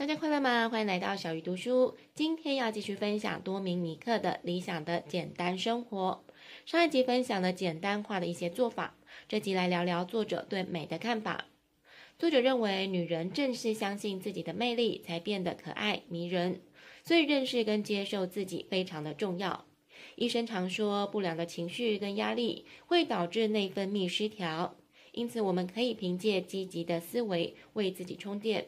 大家快樂嗎？歡迎來到小魚讀書。今天要繼續分享多明尼克的理想的簡單生活。上一集分享了簡單化的一些做法，這集來聊聊作者對美的看法。作者認為，女人正是相信自己的魅力，才變得可愛迷人，所以認識跟接受自己非常的重要。醫生常說，不良的情緒跟壓力會導致內分泌失調，因此我們可以憑借積極的思維為自己充電。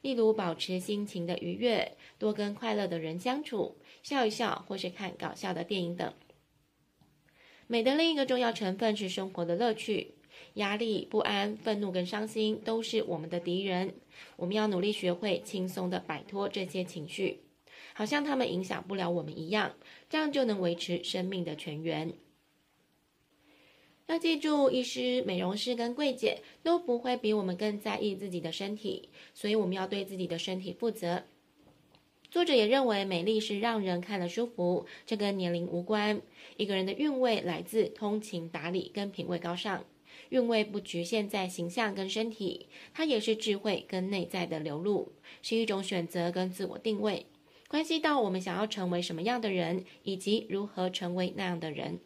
例如，保持心情的愉悅，多跟快樂的人相處，笑一笑，或是看搞笑的電影等。美的另一個重要成分是生活的樂趣。壓力、不安、憤怒跟傷心都是我們的敵人，我們要努力學會輕鬆地擺脫這些情緒，好像他們影響不了我們一樣，這樣就能維持生命的泉源。要記住，醫師、美容師跟櫃姐都不會比我們更在意自己的身體，所以我們要對自己的身體負責。作者也認為，美麗是讓人看了舒服，這跟年齡無關。一個人的韻味來自通情達理跟品味高尚，韻味不局限在形象跟身體，它也是智慧跟內在的流露，是一種選擇跟自我定位，關係到我們想要成為什麼樣的人，以及如何成為那樣的人。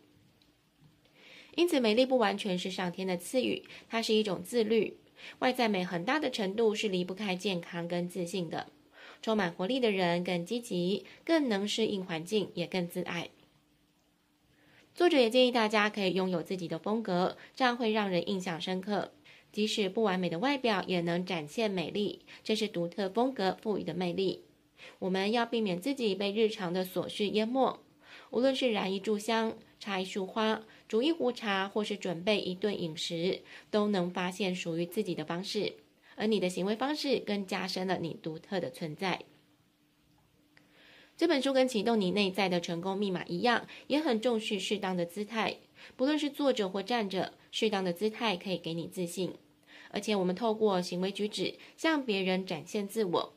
因此，美麗不完全是上天的賜予，它是一種自律。外在美很大的程度是離不開健康跟自信的。充滿活力的人更積極，更能適應環境，也更自愛。作者也建議大家可以擁有自己的風格，這樣會讓人印象深刻。即使不完美的外表也能展現美麗，這是獨特風格賦予的魅力。我們要避免自己被日常的瑣事淹沒，無論是燃一炷香、插一束花，煮一壺茶，或是準備一頓飲食，都能發現屬於自己的方式。而你的行為方式更加深了你獨特的存在。這本書跟啟動你內在的成功密碼一樣，也很重視適當的姿態。不論是坐着或站着，適當的姿態可以給你自信。而且，我們透過行為舉止向別人展現自我。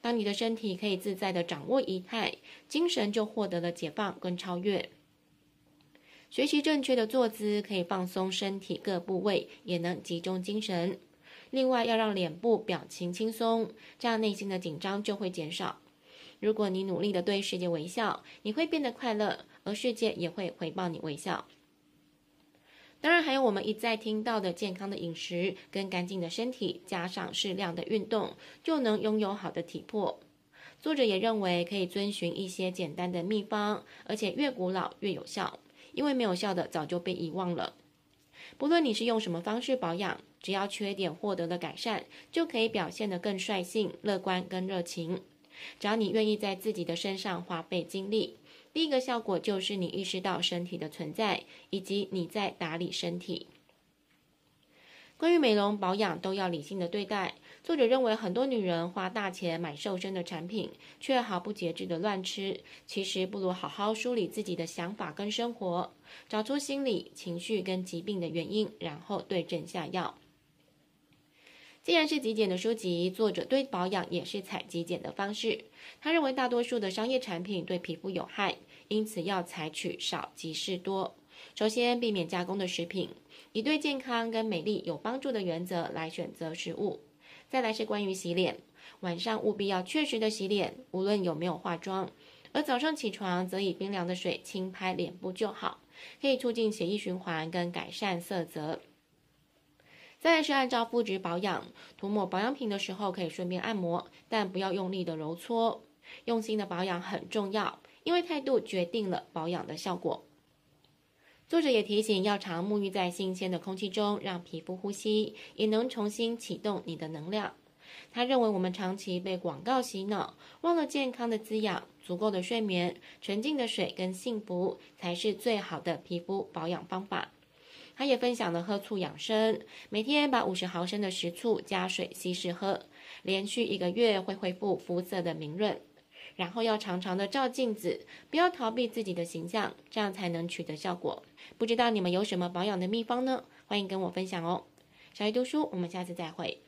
當你的身體可以自在地掌握儀態，精神就獲得了解放跟超越。學習正確的坐姿，可以放鬆身體各部位，也能集中精神。另外，要讓臉部表情輕鬆，這樣內心的緊張就會減少。如果你努力地對世界微笑，你會變得快樂，而世界也會回報你微笑。當然，還有我們一再聽到的健康的飲食跟乾淨的身體，加上適量的運動，就能擁有好的體魄。作者也認為可以遵循一些簡單的秘方，而且越古老越有效。因為沒有效的早就被遺忘了。不論你是用什麼方式保養，只要缺點獲得了改善，就可以表現得更率性、樂觀、跟熱情。只要你願意在自己的身上花費精力，第一個效果就是你意識到身體的存在，以及你在打理身體。關於美容保養，都要理性的對待。作者認為，很多女人花大錢買瘦身的產品，卻毫不節制地亂吃，其實不如好好梳理自己的想法跟生活，找出心理、情緒跟疾病的原因，然後對症下藥。既然是極簡的書籍，作者對保養也是採極簡的方式。他認為大多數的商業產品對皮膚有害，因此要採取少即是多。首先，避免加工的食品，以對健康跟美麗有幫助的原則來選擇食物。再來是關於洗臉，晚上務必要確實的洗臉，無論有沒有化妝。而早上起床則以冰涼的水輕拍臉部就好，可以促進血液循環跟改善色澤。再來是按照膚質保養，塗抹保養品的時候可以順便按摩，但不要用力的揉搓。用心的保養很重要，因為態度決定了保養的效果。作者也提醒，要常沐浴在新鮮的空氣中，讓皮膚呼吸，也能重新啟動你的能量。他認為，我們長期被廣告洗腦，忘了健康的滋養、足夠的睡眠、純淨的水跟幸福，才是最好的皮膚保養方法。他也分享了喝醋養生，每天把五十毫升的食醋加水稀釋喝，連續一個月會恢復膚色的明潤。然後要常常的照鏡子，不要逃避自己的形象，這樣才能取得效果。不知道你們有什麼保養的秘方呢？歡迎跟我分享哦。小魚讀書，我們下次再會。